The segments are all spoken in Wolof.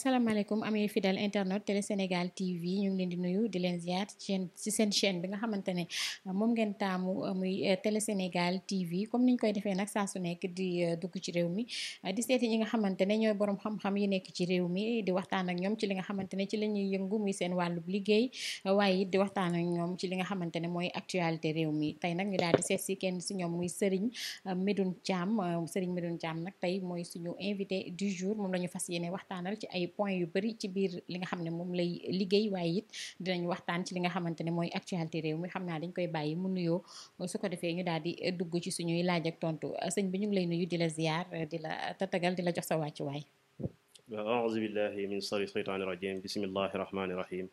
salaamaaleykum amee fidèle internet télé Sénégal TV ñu ngi leen di nuyu di leen ziar ci seen chaîne bi nga xamante ne euh, moom ngeen taamu euh, muy euh, télé Sénégal TV comme niñ koy defee nag saa su nekk di dugg ci réew mi di seeti ñi nga xamante ne ñooy borom xam-xam yi nekk ci réew mi di waxtaan ak ñoom ci li nga xamante ne ci la ñuy yëngu muy seen wàllub liggéey waaye it di waxtaan ak ñoom ci li nga xamante ne mooy actualité réew mi tey nag ñu daal di seet si kenn si ñoom muy Serigne Medoune Thiam Serigne Medoune caam nag tey mooy suñu invité du jour moom la ñu fas yéene waxtaanal ci ay point yu bëri ci biir li nga xam ne moom lay liggéey waaye it dinañ waxtaan ci li nga xamante ne mooy actualité réew mi xam naa dañ koy bàyyi mu nuyoo su ko defee ñu daal di dugg ci suñuy laaj tontu sëñ bi ñu ngi lay nuyu di la ziar di la tatagal di la jox sa wàccuwaay waaw a billahi a sari a rajim bismillahi rahmaani rahim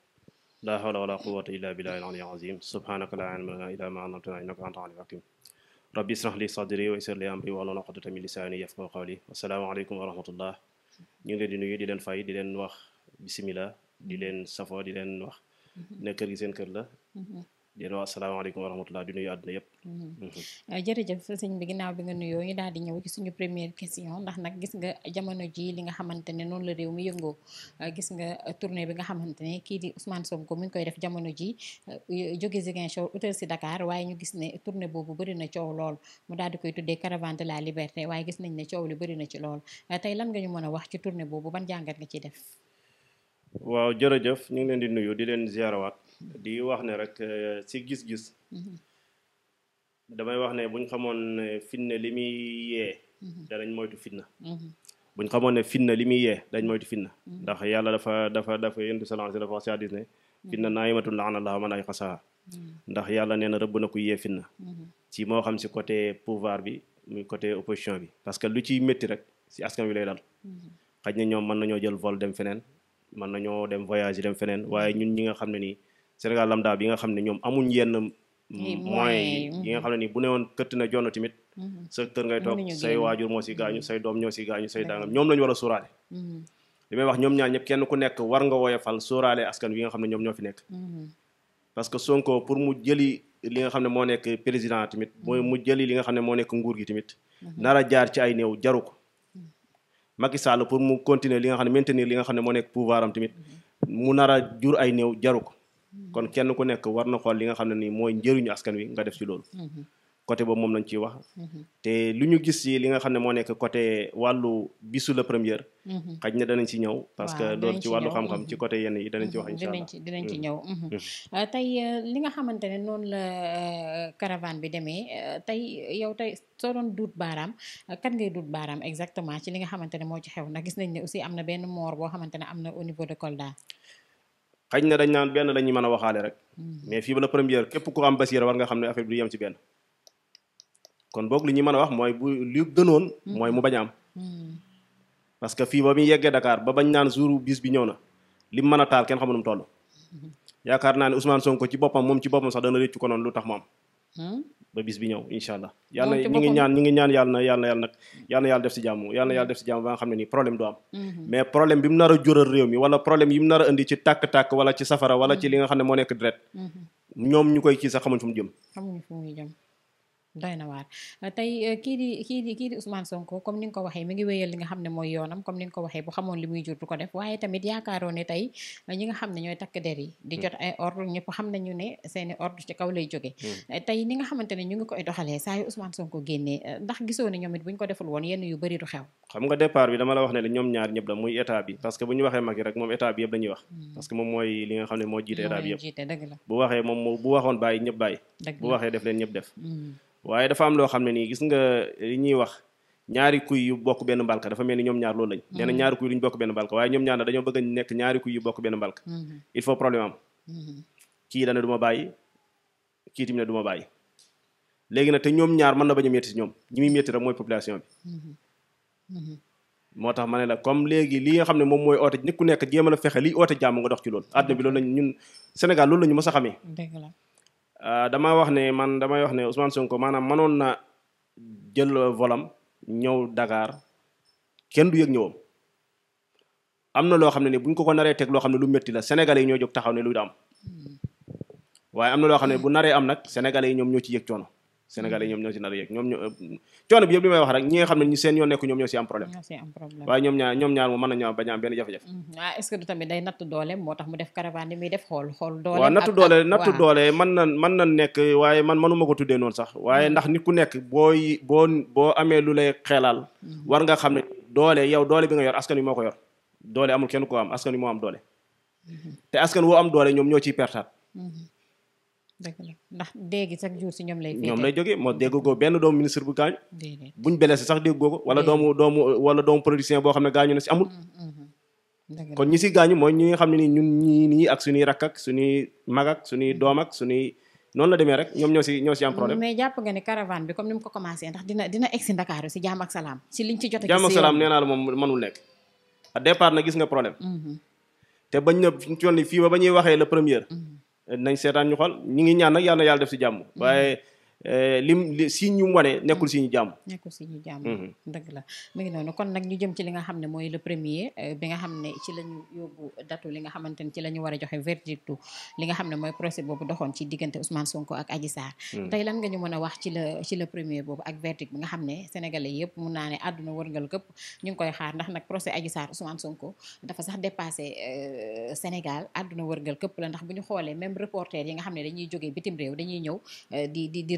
la hawla wala quwwata illa a al-ali azim subhanaka la ilma lana illa ma allamtana innaka anta alim hakim rabbi israh li sadri wa yassir li amri wahlul uqdatan min lisani yafqahu qawli assalaamu aleykum wa rahmatullah ñu ngi leen di nuyu di leen fay di leen wax bisimilah di leen safoo di leen wax mm-hmm. ne kër gi seen kër la mm-hmm. delloo asalaamaaleykum wa rahmatulah di nuyu àdduna yëpp. Mm-hmm. Mm-hmm. Eh, jërëjëf sëñ bi ginnaaw bi nga nuyoo ñu daal di ñëw ci suñu première question ndax nag gis nga jamono ji li nga xamante ne noonu la réew mi yëngoo eh, gis nga eh, tournée bi nga xamante ne kii di Ousmane ko mi ngi koy def jamono ji jóge Ziguinchor utal si Dakar waaye ñu gis ne tournée boobu bëri na coow lool mu daal di koy tuddee caravane de la liberté waaye gis nañ ne coow li bëri na ci lool tey lan nga ñu mën a wax ci tournée boobu ban jàngat nga ciy def. waaw jërëjëf ñu ngi leen di nuyu di leen ziarawaat. di wax ne rek si euh, gis-gis mm-hmm. damay wax ne buñ xamoon fitna li muy yee danañ moytu fitna buñ xamoon ne fitna li muy yee dañ moytu fitna ndax yàlla dafa dafa dafa yéntu sallallahu alayhi wa sallam dafa wax ci hadiis ne mm-hmm. fitna naayimatun mm-hmm. ndax yàlla nee na rëbb na ku yee fitna ci moo xam si côté pouvoir bi muy côté opposition bi parce que lu ciy métti rek si askan wi lay dal xaj na ñoom mën nañoo jël vol dem feneen mën nañoo dem voyage dem feneen waaye ñun ñi nga xam ne nii Sénégal lambda bi nga xam ne ñoom amuñ yenn moyens yi nga xam ne ni bu ne woon këtt na jonn tamit mm-hmm. sa kër ngay toog say waajur moo si gaañu mm-hmm. say doom ñoo si gaañu say dangam ñoom lañu war a sóoraale mm-hmm. li may wax ñoom ñaar ñëpp kenn ku nekk war nga woyofal sóoraale askan wi nga xam ne ñoom ñoo fi nekk parce que Sonko pour mu jëli li nga xam ne moo nekk président tamit mooy mu jëli li nga xam ne moo nekk nguur gi tamit nara jaar ci ay néew jaru ko Macky Sall pour mu continuer li nga xam ne maintenir li nga xam ne moo nekk pouvoir am mu nar a jur ay néew jaru ko kon kenn ku nekk war na xool li nga xam ne nii mooy njëriñu askan wi nga def ci loolu. Mhm. côté boobu moom lañ ciy wax. Mhm. te lu ñu gis ci li nga xam ne moo nekk côté wàllu bisu la première. Mhm. xaj na danañ ci ñëw. parce que loolu ci wàllu xam-xam ci côté yenn yi danañ ci wax incha allah ci dinañ ci ñëw. Mm. Euh, tey euh, li nga xamante ne noonu la euh, caravane bi demee tey yow tey soo doon duut baaraam kan ngay duut baaraam exactement nga xamante ne moo ci xew ndax gis nañ ne am na benn moor boo xamante ne am na au niveau de Kolda. xañ na dañ naan benn lañuy mën a waxaale rek hmm. mais fii ba la première képp ko am basiira war nga xam ne affaire bi du yem benn kon boog lu ñuy mën a wax mooy bu li gënoon hmm. mooy mu bañ a am hmm. parce que fii ba muy yeggee dakaar ba bañ naan jour bis bi ñëw na li mu mën a taal kenn xamu nu mu toll yaakaar naa ne Ousmane Sonko ci boppam moom ci boppam sax dana réccu ko noonu lu tax mu am ba bis bi ñëw incha allah yàlla ñi ngi ñaan ñi ngi ñaan yàlla na yàlla na yàlla nag yàlla na yàlla def si jàmm yàlla na yàlla def si jàmm ba nga xam ne nii problème du am mm-hmm. mais problème bi mu nar a jural réew mi wala problème yi mu nar a indi ci tàkk-tàkk wala ci safara wala ci mm-hmm. li nga xam ne moo nekk mm-hmm. ñoom ñu koy ci sax xamuñ fu mu jëm doy na waar ah, tey eh, kii di kii di ni ko waxee mi ngi wéyal li nga xam ne mooy yoonam comme ni nga ko waxee bu xamoon li ah, hmm. hmm. eh, ñu ngi Sonko génnee eh, ndax gisoo ne ñoom ko deful woon yenn yu bëri du xew xam nga départ bi dama la wax ne ñoom ñaar ñëpp la muy état bi parce que bu waxee mag rek moom état bi yëpp la wax hmm. parce que moom mooy li xam ne moo jiite état bi yëpp bu waxee moom bu waxoon bàyyi ñëpp bàyyi bu waxee def leen ñëpp def waaye dafa am loo xam ne nii gis nga li ñuy wax ñaari kuy yu bokk benn mbalka dafa mel ni ñoom ñaar loolu lañ mm-hmm. nee na ñaari bokk benn mbalka waaye ñoom a nekk ñaari kuy yu bokk benn mbalka mm-hmm. il faut problème am mm-hmm. kii dana du ma bàyyi kii tamit du ma bàyyi léegi nag te ñoom ñaar mën na bañ ñoom ñi muy mooy population bi moo tax ma ne la comme léegi li nga xam ne moom mooy oote nit ku nekk jéemal a fexe liy oote jàmm nga dox ci loolu àdduna bi loolu lañ ñun Sénégal loolu la ñu a xamee Euh, dama wax ne man damay wax ne Ousmane Sonko maanaam mënoon na jël volam ñëw dakaar kenn du yëg ñëwam am na loo xam ne ni buñ ko ko naree teg loo xam ne lu métti la Sénégalais yi ñoo jóg taxaw ne lu da am hmm. waaye am na loo xam ne bu naree am nag Sénégalais yi ñoom ñoo ci yëg coono. sénégalais ñoom ñoo si a yegg ñoom ñoo coono bi yëpp li ne ñu seen yoon nekk ñoom ñoo si am problème waaye ñoom ñaar ñoom ñaar moom bañ a am benn jafe-jafe mm-hmm. ah, moo tax mu def caravane bi muy def xool xool doole waaw nattu doole nattu doole na mën na nekk waaye man mënuma ko tuddee noonu sax waaye mm-hmm. ndax nit ku nekk booy boo boo amee lu lay xeelaal mm-hmm. war nga xam ne doole yow doole bi nga yor askan wi moo ko yor doole amul kenn koo am askan wi moo am doole te askan woo am doole ñoom ñoo ciy pertaat dëgg ndax dégg sax jur si ñoom lay. ñoom lay jógee moo dégg ko benn doomu ministre bu gaañu. buñ blessé sax dégg ko wala doomu doomu wala doomu politicien boo xam ne gaañu na si amul. Mm-hmm, mm-hmm. kon ñi si gaañu mooy ñi nga xam ne ni ñun ñii nii ak suñuy rakk ak suñuy mag su suñuy mm-hmm. doom ak suñuy noonu la demee rek ñoom ñoo si ñoo si am problème. mais jàpp nga ne caravane bi comme ni mu ko commencé ndax dina dina egg si Ndakaaru si jaam ak salaam. si liñ ci jot a jaam ak salaam nee naa la na gis nga problème. te fii ba ñuy waxee le premier nañ seetaan ñu xool ñi ngi ñaan nag yàlla na yàlla def si jàmm waaye Eh, lim si ñu wane nekkul si ñu jàmm. nekkul si ñu jàmm. Mm-hmm. dëgg la mu ngi noonu kon nag ñu jëm ci li nga xam ne mooy le premier eh, bi nga xam ne ci la ñu yóbbu li nga xamante ni ci la ñu war a joxe verdict li nga xam ne mooy procès boobu doxoon ci diggante Ousmane Sonko ak Adji Sarr. Mm-hmm. tey lan nga ñu mën a wax ci la ci premier boobu ak verdict bi nga xam ne sénégalais yëpp mun naa ne àdduna wërngal këpp ñu ngi koy xaar ndax nag procès Adji Sarr Ousmane Sonko dafa sax dépassé eh, Sénégal àdduna wërngal këpp la ndax bu ñu xoolee même reporter yi nga xam ne dañuy jógee bitim réew dañuy ñëw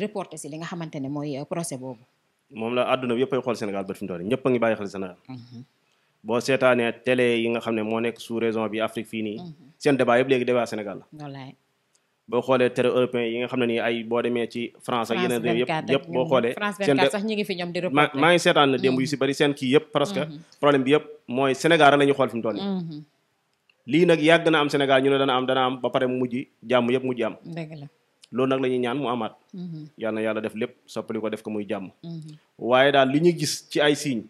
reporté si li nga xamante ne mooy euh, procès boobu. moom la àdduna bi yëpp ay xool Sénégal a mhm. boo seetaanee télé yi nga xam ne moo nekk sous région bi Afrique fii mhm. seen débat yëpp léegi débat Sénégal boo xoolee télé européen yi nga xam ne nii ay boo demee ci France ak yeneen yëpp boo xoolee maa ngi seetaan na démb yu si mhm. bëri seen kii yëpp parce problème bi yëpp mooy Sénégal la ñuy xool fi toll nii lii nag yàgg na am Sénégal ñu ne dana am am ba lool nag la ñuy ñaan mu amaat. Mhm. yal na yàlla def lépp soppali ko def ko muy jàmm. Mhm. waaye daal li ñu gis ci ay signes.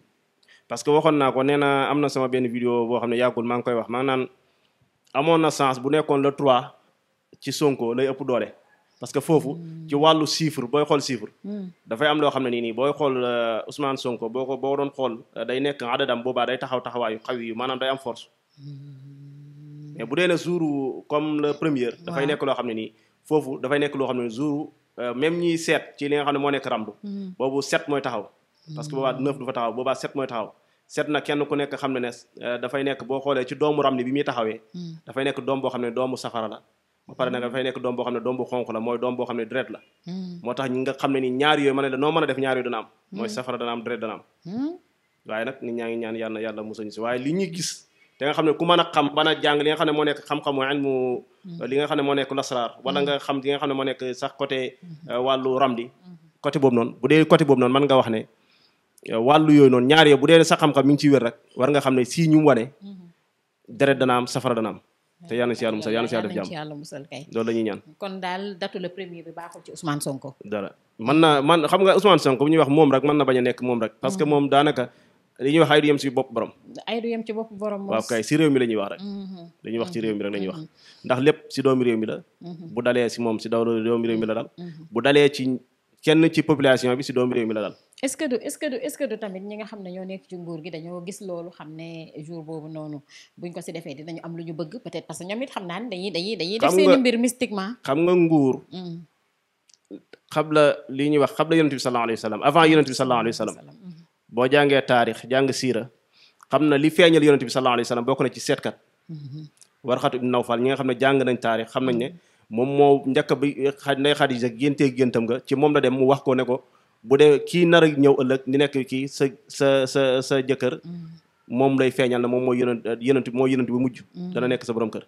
parce que waxoon naa ko nee na am na sama benn vidéo boo xam ne yàggul maa ngi koy wax maa naan amoon na sens bu nekkoon le 3 ci Sonko lay ëpp doole. parce que foofu mhm. ci wàllu chiffre booy xool chiffre. dafay am loo xam ne nii nii booy xool euh, Ousmane Sonko boo ko boo doon xool euh, day nekk adadam boobaa day taxaw taxawaayu xaw yi maanaam am force. mais bu dee ne jour comme le premier. dafay nekk loo xam ne nii. foofu dafay nekk loo xam ne jour euh, même ñiy seet ci li nga xam ne moo nekk ramdu mm-hmm. boobu sept mooy taxaw parce que boobaa mm-hmm. neuf du fa taxaw boobaa sept mooy taxaw seet na kenn ku nekk xam ne ne euh, mm. dafay nekk doom boo xam ne mm. doom bu xonq la mooy doom boo xam ne dret la mm. moo tax nga xam ne ni ñaar yooyu ma ne noo mën a def ñaar yooyu mooy safara dana am dret waaye nag nit ñaan yàlla yàlla si waaye li ñuy gis te nga xam ne ku mën a xam mën a jàng li nga xam ne moo nekk xam-xamu ilmu mm-hmm. li nga xam ne moo nekk mm-hmm. ne moo nekk sax côté mm-hmm. euh, wàllu ramdi côté boobu noonu bu dee côté boobu noonu mën nga wax ne euh, wàllu yooyu noonu ñaar yooyu bu dee sax xam-xam mi ngi ciy wér rek war xam ne sii ñu wane deret dana safara dana te yàlla na si musal yàlla na si yàlla def jàmm yàlla musal kay loolu la ñuy ñaan kon daal datu le premier bi baaxul ci Ousmane Sonko dara man na man xam nga Ousmane Sonko bu ñuy wax a nekk moom rek parce que moom daanaka li ñuy wax ay du yem ci bopp borom. ay du réew mi la wax rek. Mm-hmm. dañuy wax ci réew mi rek la ñuy wax. Mm-hmm. ndax lépp ci doomi réew mi la. Mm-hmm. bu dalee ci moom ci dal. bu dalee ci kenn ci population bi si doom réew mi la dal. est que du est-ce que du est-ce que du tamit ñi nga xam ne ñoo nekk ci nguur gi dañoo gis loolu xam ne jour boobu noonu buñ ko si defee dinañu am lu ñu bëgg peut-être parce que ñoom it xam naa ne dañuy dañuy dañuy def seeni mbir mystiquement xam nga nguur xabla li ñuy wax xabla yonent bi sallallahu alayhi wa sallam boo jàngee taarix jàng siira xam na li feeñal yonente bi sallallahu alayhi wa sallam bokk na ci seetkat warxatu ibn nawfal ñi nga xam ne jàng nañ taarix xam nañ ne moom moo njëkk bi nday xadija géntee géntam nga ci moom la dem mu wax ko ne ko bu dee kii nar a ñëw ëllëg ni nekk sa sa sa sa jëkkër moom lay feeñal na moom mooy yonent yonent mooy yonent bu mujj dana nekk sa borom kër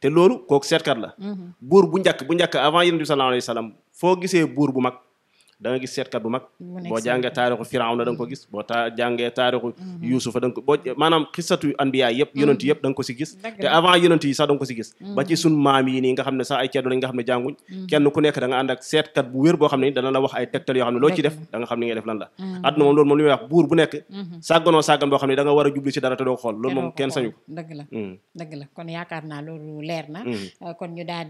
te loolu kooku seetkat la mm-hmm. buur bu njëkk bu njëkk avant yonente bi sallallahu alayhi wa sallam foo gisee buur bu mag da nga gis seetkat bu mag boo jàngee taarixu firawna da nga ko mm-hmm. gis boo ta jàngee taarixu mm-hmm. yuusufa mm-hmm. da nga ko si gis te avant yonent sax da ko si gis ba ci sun maam nii nga xam ne sax ay ceddo nga xam ne jànguñ kenn ku nekk da nga ànd ak bu wér boo xam ne dana la wax ay tegtal yoo xam loolu moom a kenn sañu ko mm. la kon yaakaar naa loolu leer na kon ñu daal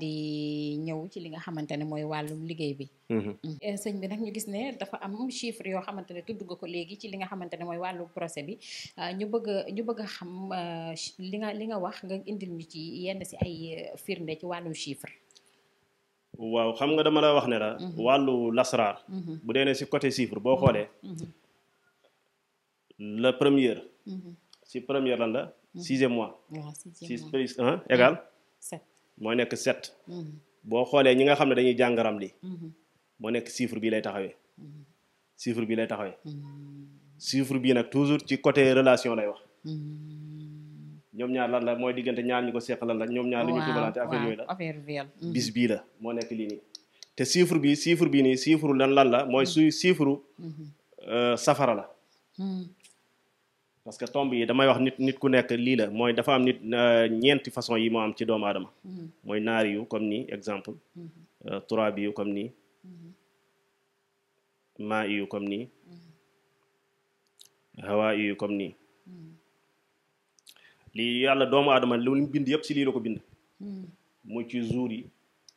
ñëw ci li nga xamante mooy wàllum liggéey bi mm. eh, nag ñu gis ne dafa am chiffre yoo xamante ne tudd nga ko léegi ci li nga xamante ne mooy wàllu procès bi ah, ñu bëgg ñu bëgg a xam ah, li nga li nga wax nga indi ñu ci yenn si ay ah, firnde ci wàllu chiffre. waaw xam nga dama la wax ne la. Mhm. wàllu lasraar. Mhm. bu dee ne si côté chiffre boo xoolee. Mhm. la première. si première lan la. sixième mois. waaw sixième mois égal. sept mooy nekk sept. boo xoolee ñi nga xam ne dañuy jàngaram ramli. moo nekk chiffre bii lay taxawee mm-hmm. chiffre bii lay taxawee mm-hmm. chiffre bii nag toujours ci côté relation lay wax mm-hmm. ñoom ñaar lan la mooy diggante ñaar ñu ko seq lan la ñoom ñaar lu ñu dugalante affaire yooyu la bis bii la moo nekk lii nii te chiffre bii chiffre bii nii chiffre lan lan la mooy suy chiffre euh, safara la parce que tomb yi damay wax nit nit ku nekk lii la mooy dafa am nit euh, ñeenti façon yi moo am ci doomu aadama mooy naari yu comme nii exemple euh, turabi yu comme nii maa yu comme nii hawaa comme nii lii yàlla doomu aadama lu mu bind yëpp si lii la ko bind muy ci jour yi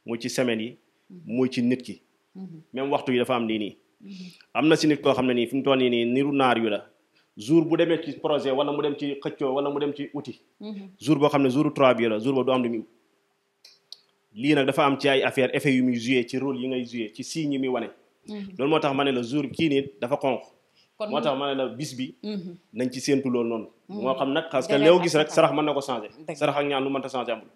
muy ci semaine yi muy ci nit ki même waxtu yi dafa am lii nii am na si nit koo xam ne nii fi mu toll nii nii niru naar yu la jour bu demee ci projet wala mu dem ci xëccoo wala mu dem ci outil jour boo xam ne jour trois bi la jour ba du am lu lii nag dafa am ci ay affaire effet yu muy joué ci rôle yi ngay joué ci signe yi muy wane Mhm. loolu moo tax ma ne la jour kii nii dafa xonq moo tax ma ne la bis bi mhm. nañ ci séentu loolu noonu mhm. moo xam nag parce que léew gis rek sarax mën na ko changé sarax ak ñaan lu mënta changé amul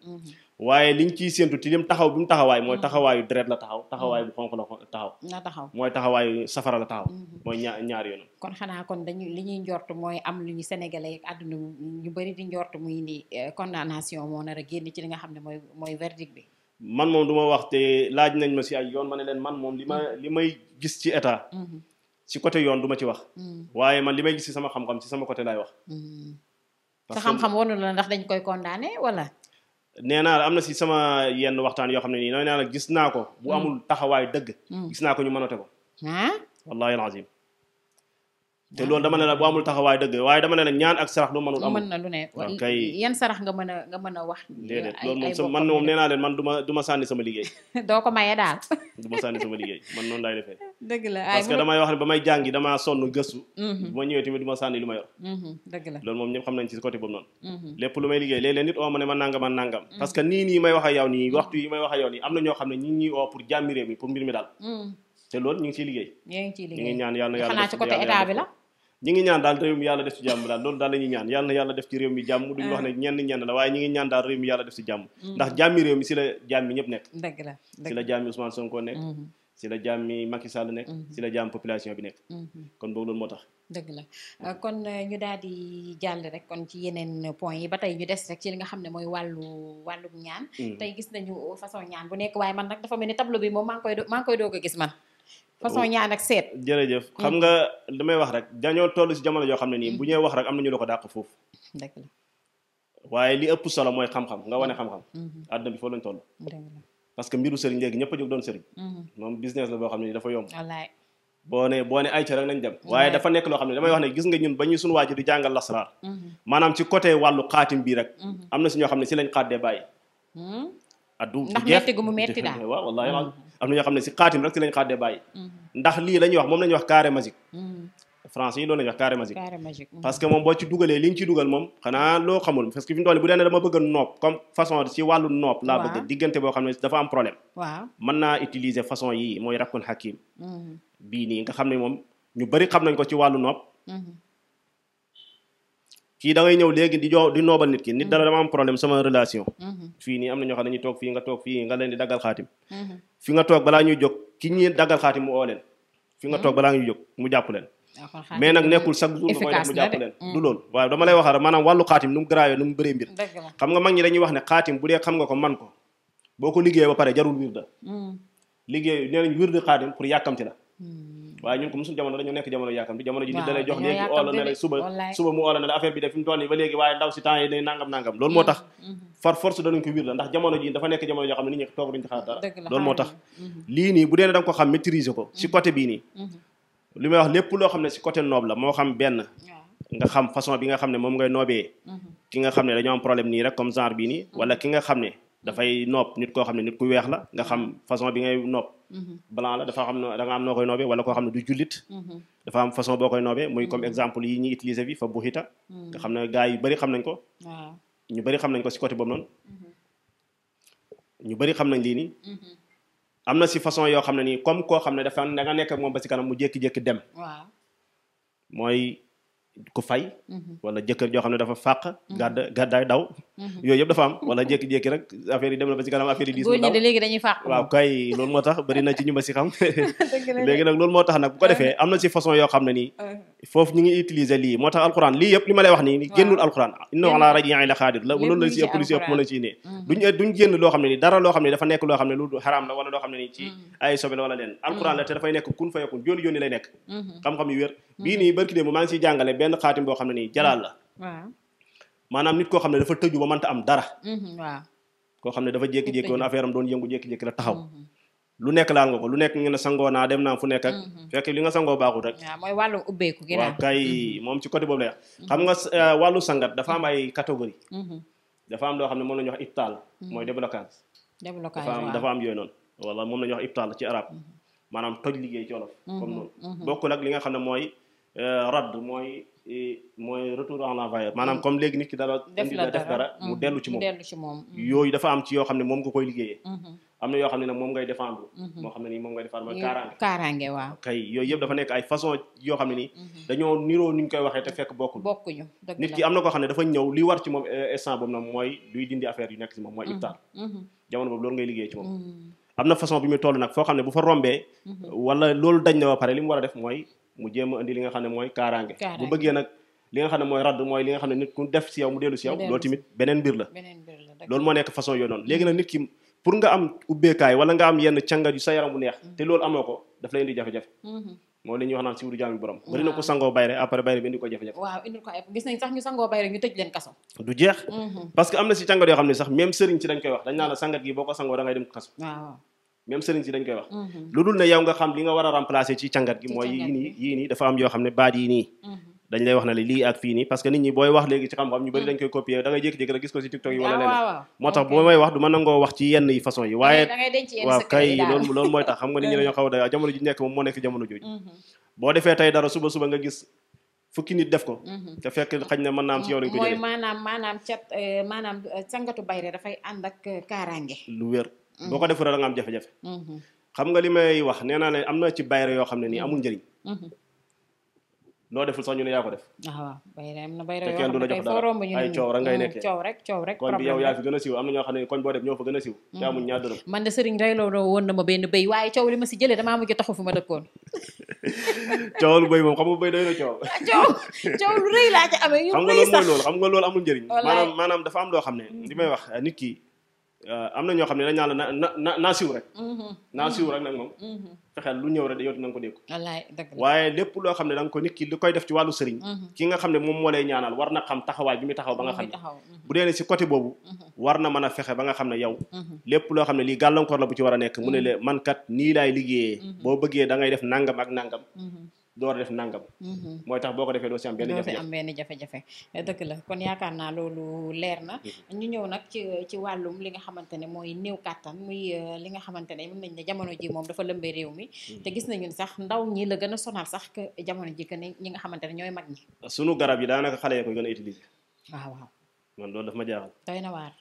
waaye liñ ciy séentu ti lim taxaw bi mu taxawaay mooy taxawaayu deret la taxaw taxawaay bu xonq la taxaw mooy taxawaayu safara la taxaw mooy ñaar ñaar yoon kon xanaa kon dañu li ñuy njort mooy am lu ñu sénégalais ak àdduna ñu bëri di njort muy ni eh, condamnation moo nar rek génn ci li nga xam ne mooy mooy verdict bi man moom du ma wax te laaj nañ ma si ay yoon ma ne leen man moom li li may gis ci état. Mm-hmm. si côté yoon duma ci wax. Mm-hmm. waaye man li may gis si sama xam-xam si sama côté laay wax. Mm-hmm. sa xam-xam wanu la ndax dañ koy condamné wala. nee naa la am na si sama yenn waxtaan yoo xam ne nii nee naa la gis naa ko. bu amul taxawaay dëgg. gis naa ko ñu mënate ko. wallaahi alazim te loolu dama ne la bu amul taxawaay dëgg waaye dama ne la ñaan ak sarax lu mënul amul mën na lu ne kay yan sarax nga mën a nga a wax déedéet loolu moom sa man moom nee naa leen man du ba may jàngi damaa sonn gëstu mhm. mhm, mhm. lépp lu may liggéey léeg nit oo ma ne ma nangam nangam parce que nii nii may wax ak yow nii waxtu yi may wax ak yow nii am na ñoo xam ne ñi oo pour jàmmi mi pour mbir mi daal te loolu ñu ngi liggéey ñu ngi ciy liggéey ñu ngi xanaa ci côté état bi la ñi ngi ñaan daal réew mi yàlla def ci jàmm daal loolu daal la ñaan yàlla def ci réew mi jàmm duñu wax ne ñenn ñenn la waaye ñi ngi ñaan daal réew mi yàlla def ci jàmm mm. ndax jàmmi réew mi si la jàmmi ñëpp nekk bi nekk mm-hmm. kon la euh, kon euh, ñu daal di jàll rek yi ba tey ñu des rek ci li nga xam ne mooy wàllu wàllum ñaan mm-hmm. tey gis nañu façon waaye man nag dafa mel ni tableau bi moom maa koy maa a gis man façon ñaan ak seet jërëjëf xam mm. nga damay wax rek dañoo toll si jamono joo xam ne nii mm. bu ñuy wax rek am nañu la ko dàq foofu la waaye li ëpp solo mooy xam-xam nga wane xam-xam mm-hmm. àdduna bi foo lañ toll parce que mbiru sëriñ léegi ñëpp a jóg doon sëriñ mm-hmm. moom business la boo xam ne dafa yomb wallaay boo ne boo ne ay ca rek nañ dem waaye dafa nekk loo xam ne damay wax ne gis nga ñun ba ñuy suñu waajur di jàngal lasraar mm-hmm. maanaam ci côté wàllu xaatim bii rek am na si ñoo xam ne si lañ xaatdee bàyyi addu ndax metti am na ñoo xam ne si xaatim rek si lañ xaatee bàyyi. Mm-hmm. ndax lii la wax moom la wax carré magique. Mm-hmm. français yi loolu la wax carré magique. Mm-hmm. parce que moom boo ci dugalee li ci dugal moom xanaa loo xamul parce que fi mu toll bu dee ne dama bëgg a nopp comme façon ci wàllu nopp. laa bëgg diggante boo xam ne dafa am problème. waaw naa utiliser façon yii mooy rakkul hakim. bii nii nga xam ne moom ñu bëri xam nañ ko ci wàllu nopp. kii da ngay ñëw léegi di jo di noobal nit ki nit dana mm-hmm. dama am problème sama relation mm-hmm. fii nii am na ñoo xam ne ñu toog fii nga toog fii nga leen di daggal xaatim mm-hmm. fi nga toog balaa ñuy jóg ki ñi daggal xaatim mu oo leen fi nga toog balaa ñuy jóg mu jàpp leen ah, mais nag nekkul chaque jour nga koy def mu jàpp mm. du loolu waaw lay waxal maanaam wàllu xaatim nu mu garaayoo nu mu bëree nga mag ñi dañuy wax ne xaatim bu dee nga ko man ko boo ko liggéeyee ba pare jarul wirda mm. liggéey nee nañ wirda xaatim pour yàkkamti la mm. waaye ñun comme suñu jamono dañoo nekk jamono yaakamti jamono ji nit da jox léegi oola ne la suba suba mu oola ne la affaire bi def fi mu toll nii ba léegi waaye ndaw si temps yi ne mm, mm, mm. dafa nekk jamono yoo xam ne nit ñi toog duñ ci xaar dara loolu moo tax mm-hmm. lii nii bu dee ne da ko xam maîtriser ko si mm-hmm. côté bii nii mm-hmm. li may wax lépp loo xam ne si côté noob la moo xam benn nga xam façon bi nga xam ne moom ngay noobee ki nga xam ne dañoo am problème nii dafay nopp nit koo xam ne nit ku weex la nga xam façon bi ngay nopp mhm. blanc la dafa xam ne da nga am noo koy noobee wala koo xam ne du jullit mhm. dafa am façon boo koy noobee muy comme mhm. exemple yi ñuy utiliser bi fa buxita nga xam ne gars yu bëri xam nañ ko ñu bëri xam nañ ko si côté boobu noonu ñu bëri xam nañ lii nii am na si façon yoo xam ne nii comme koo xam ne dafa da nekk ak moom ba si kanam mu jékki-jékki dem waaw mooy ku fay wala jëkkër joo xam ne dafa fàq gàdd gàddaay daw Mhm. yooyu yëpp dafa am wala jékki-jékki rek affaire dem ba si kanam affaire diis góor ñi waaw kay loolu moo tax bari ci ñu si xam léegi nag loolu moo tax nag bu ko defee am na si façon yoo xam ne nii duñ génn loo xam ne nii dara loo xam ne dafa nekk loo xam ne lu xaraam la wala loo xam ne nii ci mm. ay sobe la leen alquran la te dafay nekk kun fayakun jóoni jóoni lay nekk mm-hmm. xam-xam yu wér bii mm-hmm. nii barki démb maa ngi siy jàngale benn xaatim maanaam nit koo xam ne dafa tëju ba mënta am dara. Mhm, waaw koo xam ne dafa jékki-jékki woon affaire am doon yëngu jékki-jékki la taxaw. Mhm. lu nekk laal nga ko lu nekk nga ne sangoo naa dem naa fu nekk ak. Mhm. fekk li nga sangoo baaxul rek. waaw mooy wàllu ubbeeku gi waaw kay moom ci côté boobu la xam nga euh, wallu sangat dafa am ay catégorie dafa am loo xam ne moom la ñuy wax mooy déblocage. déblocage am dafa am yooyu noonu. wala moom la ñuy wax ibtaal ci arab maanaam toj liggéey ci wolof. comme noonu bokkul ak li nga xam ne mooy euh, radd mooy mooy retour en l'envoyeur maanaam comme léegi nit ki dara def dara mu mm-hmm. dellu ci moom mm-hmm. yooyu dafa am ci yoo xam ne moom nga koy liggéeyee mm-hmm. am na yoo xam ne moom ngay défendre moo xam ne moom ngay défendre mooy kaaraange kaaraange dafa yoo xam ne nii dañoo niroo ni ñu koy waxee te fekk bokkuñu bokkuñu nit ki am na koo xam ne dafa ñëw li war ci moom eh, instant boobu nag mooy luy dindi affaire yu nekk ci moom mooy ibtaal loolu ngay liggéeyee ci moom am na façon bi mu toll nag foo xam ne bu fa rombee wala loolu dañ na ba pare li mu war a def mooy mu jéem a indi li nga xam ne mooy kaaraange bu bëggee nag li nga xam ne mooy radd mooy li nga xam ne nit ku def si yow mu dellu si yow loolu tamit beneen mbir la loolu moo nekk façon yooyu léegi nag nit ki pour nga am ubbeekaay wala nga am yenn càngat yu sa yaram bu neex mm-hmm. te loolu amoo ko daf lay indi mm-hmm. jafe-jafe waaw indi ko ay gis nañ sax ñu sangoo bayre ñu tëj leen kaso du jeex mm-hmm. parce que am na si càngat yoo xam ne sax même sëriñ si dañ koy wax même sëriñ si dañ koy wax. Mm-hmm. lu dul ne yow nga xam li nga war a ci càngat gi. mooy yii nii dafa am yoo xam ne baat yii nii. Mm-hmm. dañ lay wax ne la lii ak fii nii parce que nit ñi booy wax léegi ci xam-xam ñu bëri mm. dañ koy copier da ngay jékki-jékki ah, boo may wax du ma nangoo wax ci yenn yi façon yi waaye waaw kay loolu loolu mooy tax xam nekk moom moo mm-hmm. boo defee tey dara suba suba nga gis fukki nit def ko te fekk xañ na mën naa ci yow lañ ko jëlee mooy boo ko defura da nga am jafe-jafe mhm. xam nga li may wax nee naa ne am na ci bayre yoo xam ne nii amul njëriñ mhm. loo deful sax ñu ne yaa ko def ah, bayre am na bayre yoo xam ne tey foo romb ñu ay coow rek ngay mm, nekkee coow rek coow rek koñ bi yow a siiw a siiw te amuñ mm. ma benn béy waaye coow li ma si jëlee damaa mujj taxu fu ma dëkkoon coow lu béy moom xam nga béy doy na coow ah, coow coow lu mooy loolu xam nga loolu amul njëriñ maanaam maanaam dafa am loo xam ne mm. li may wax nit ki Euh, am na ñoo xam ne dañ naan la na na naa siw rek. Mm-hmm. naa siw mm-hmm. rek nag moom. Mm-hmm. fexeel lu ñëw rek da dina nga ko dégg. wallaay dëgg la waaye lépp loo xam ne da ko nit ki li koy def ci wàllu sëriñ. ki nga xam ne moom moo lay ñaanal war na xam taxawaay bi muy taxaw ba nga xam ne. bu dee ne si côté boobu. war na man a fexe ba nga xam ne yow. lépp loo xam ne lii gàllankoor la bu ci war a nekk mu ne la man kat nii laay liggéeyee. boo bëggee dangay def nangam ak nangam. door a def nangam. Mhm. mooy tax boo ko defee doo si am benn jafe-jafe doo fi am benn jafe dëgg la kon yaakaar naa loolu leer na. Mhm. ñu ñëw nag ci wàllum li nga xamante ne mooy néew kàttan muy euh, li nga xamante ne mën nañ ne jamono ji moom dafa lëmbee réew mi. Mhm. te gis nañu ndaw ñi la gën a sonal sax que ji que ni ñi nga xamante ne ñooy mag ñi. sunu garab yi daanaka xale yi koy gën a utiliser. waaw waaw. man loolu daf ma jaaxal. na waar.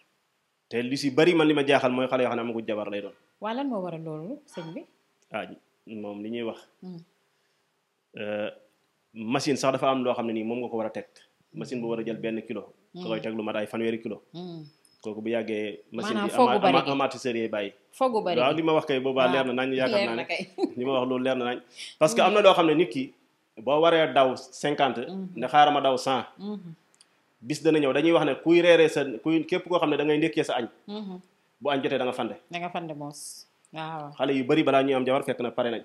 te li si bari man li ma jaaxal mooy xale yoo xam ne amaguñ jabar lay doon. waa lan moo waral loolu sëñ ah, moom li ñuy wax hmm. Euh, machine sax dafa am loo xam ne nii moom nga ko war a teg machine bu war a jël benn kilo. Hmm. nga koy teg lu mat ay fanweeri kilo. Hmm. kooku bu yàggee. machine bi amaat amatiseur yi bàyyi. foogu bari waaw ma wax kay boobaa ah, leer na nañ yaakaar wax loolu leer parce que hmm. am na loo xam ne nit ki boo waree daw cinquante. ne xaaral ma daw cent. bis dana ñëw dañuy wax ne kuy reeree sa kuy képp koo xam ne da ngay ndékkee sa añ. bu añ jotee da fan fande. da nga fande moos xale yu bari balaa ñuy am jabar fekk na pare nañ.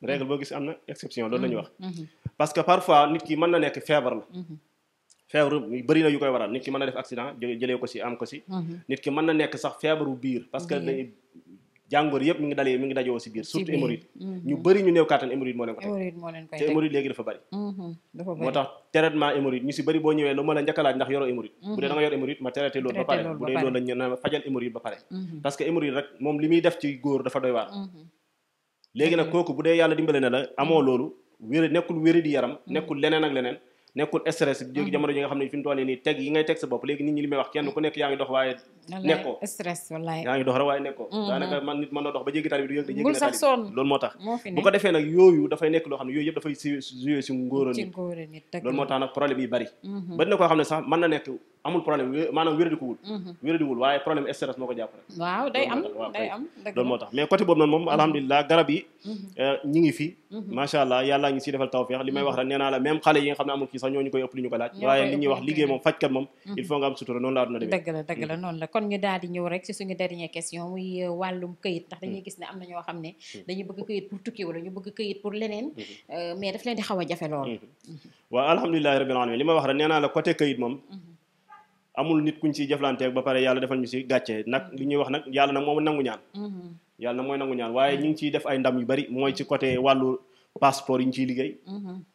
règle boo gis am na exception loolu la mm-hmm. wax. Mm-hmm. parce que parfois nit ki mën na nekk feebar la. Mm-hmm. feebar bëri na yu koy waral nit ki mën na def accident jëlee ko si am ko si. nit ki mën na nekk sax feebaru biir parce que jàngoor yëpp mi ngi dalee mi ngi dajoo si biir surtout hémorroïde ñu bëri ñu néew kàttan léegi dafa bëri moo tax traitement hémorroïde ñu si bëri boo ñëwee lu ma la njëkkalaaj ndax yoroo hémorroïde bu dee da yor hémorroïde ma traité léegi nag kooku bu dee yàlla dimbale na la amoo loolu nekkul wéri yaram mm. nekkul leneen ak leneen nekkul stress mm. jamono ji xam ne nit mm-hmm. man na dox ba jéggi tali bi du yëg te loolu moo tax problème yi bari mm-hmm. ba dina koo xam ne sax mën na nekk amul problème mhm. waaye problème stress moo ko jàpp rek waaw day am day am loolu moo tax mais côté boobu noonu moom mhm. alhamdulilah garab yi mhm. euh, ñi fi macha allah yàllaa ngi siy defal tawfeex li may wax rek liggéey moom fajkat moom il faut nga am sutura noonu la aduna demee dëgg la dëgg la noonu la kon ñu daal di ñëw rek si suñu dernière question muy euh, wàllum këyit ndax dañuy gis ne am na ñoo xam ne dañu bëgg këyit pour tukki wala ñu bëgg këyit pour leneen euh, mais a amul nit ku kuñ ciy jëflanteeg ba pare yàlla defal ñu ci gàccee nag li ñuy wax nag yàlla na moom nangu ñaan mm-hmm. yàlla nag mooy nangu ñaan waaye mm-hmm. ñu ngi ciy def ay ndam yu bari mooy ci côté wàllu passeport yi ñu ciy liggéey mm-hmm.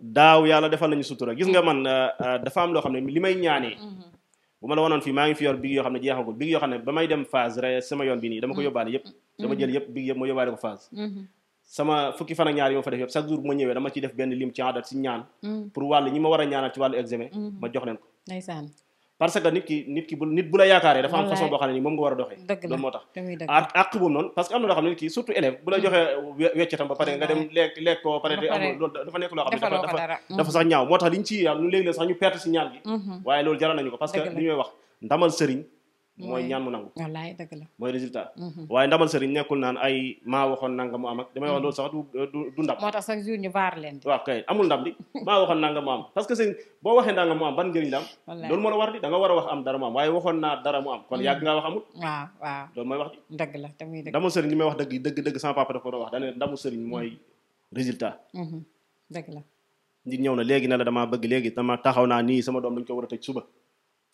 daaw yàlla defal nañu sutura gis nga man euh, euh, dafa am loo xam ne li may ñaanee mm-hmm. bu ma la wanoon fii maa ngi fi yor big yoo xam ne jeexagul big yoo xam ne ba may dem phase re sama yoon bi nii dama ko mm-hmm. yóbbaale yëpp mm-hmm. dama jël yëpp big yëpp ma yóbbaale ko phase sama fukki fan ak ñaar yi fa def yëpp chaque jour bu ma ñëwee dama ciy def benn lim ci adat si ñaan pour wàllu ñi ma war a ñaanal ci wàllu examen ma jox leen ko parce que nit ki nit ki bu nit bu la yaakaaree dafa am façon boo xam ne nii moom nga war a doxee loolu moo tax àq noonu parce que am na loo xam ne nit ki surtout élève bu la joxee weccatam ba pare nga dem lekk lekk pare dafa sax ñaaw moo tax liñ ci yàl nu léegi la sax ñu perte si ñaan gi mm-hmm. waaye loolu jaral nañu ko parce que li ñooy wax ndamal sëriñ mooy ñaan mu nangu wallaay dëgg la mooy résultat mhm. waaye ndamal sëriñ nekkul naan ay maa wax mhm. loolu sax du du ndam moo tax chaque jour ñu vaar leen di waaw kay amul ndam li que sëriñ boo waxee am ban njëriñ war di war a wax am dara mu am waaye waxoon naa dara mu am kon mhm. wax dëgg la te muy dëgg ndamal sëriñ li may wax dëgg dëgg dëgg sama papa dafa doon wax dane ndamu mooy résultat dëgg la nit ñëw na léegi ne la damaa bëgg léegi dama taxaw naa nii sama doom dañ ko war a tëj suba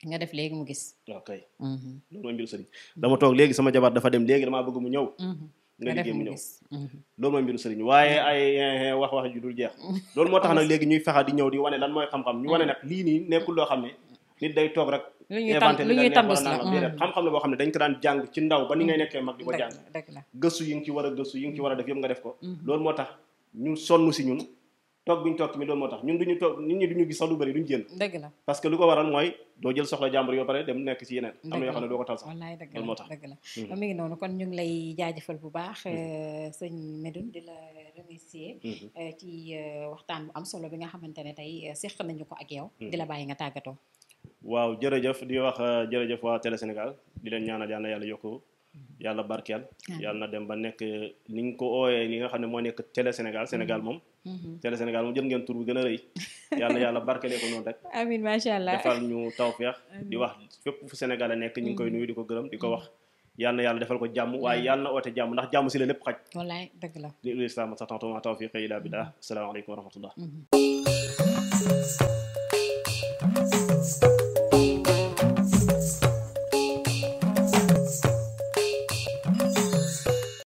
nga def léegi mu gis. ok mhm. loolu mooy mbiru sëriñ dama toog léegi sama jabar dafa dem léegi damaa bëgg mu ñëw. Mhm. nga liggéey mu ñëw mhm. loolu mooy mbiru sëriñ waaye ay eh, wax wax ju dul jeex. loolu moo tax nag léegi ñuy fexe di ñëw di wane lan mooy xam-xam ñu wane nag lii nii nekkul loo xam ne nit day toog rek. lu ñuy tàmbali lu ñuy tàmbali la xam-xam la boo xam ne dañ ko daan jàng ci ndaw ba ni ngay nekkee mag di ko jàng. gëstu yi nga ci war a gëstu yi nga ci war a def yëpp nga def ko. loolu moo tax ñu si ñun toog bi ñu toog tamit loolu moo tax ñun duñu toog nit ñi duñu gis sax lu bëri duñu génn dëgg la parce que lu ko waral mooy doo jël soxla jàmbur yoo pare dem nekk ci hmm. ñu bu baax hmm. euh, sëñ Medoune di la remercier hmm. euh, ci euh, waxtaan bu am solo bi nga xamante ne tey seq nañu ko ak yow di la bàyyi nga tàggatoo waaw jërëjëf di wax jërëjëf waa Télé Sénégal di leen ñaanal yàlla yàlla yokku yàlla barkeel yàlla dem ba nekk ni ñu ko ooyee li nga xam ne moo nekk Télé Sénégal Sénégal moom télé mm-hmm. Sénégal moom jël ngeen tur bu gën a rëy yàlla yàlla barkelee ko noonu rek amiin macha allah defal ñu tawfeex di wax fépp fu Sénégal nekk ñu ngi koy mm-hmm. nuyu di ko gërëm di ko wax mm-hmm. yàlla na yàlla defal ko jàmm waaye yàlla na oote jàmm ndax jàmm si la lépp xaj wallaay dëgg la di ulil islam sa tantoma tawfiq ila billah asalaamaaleykum wa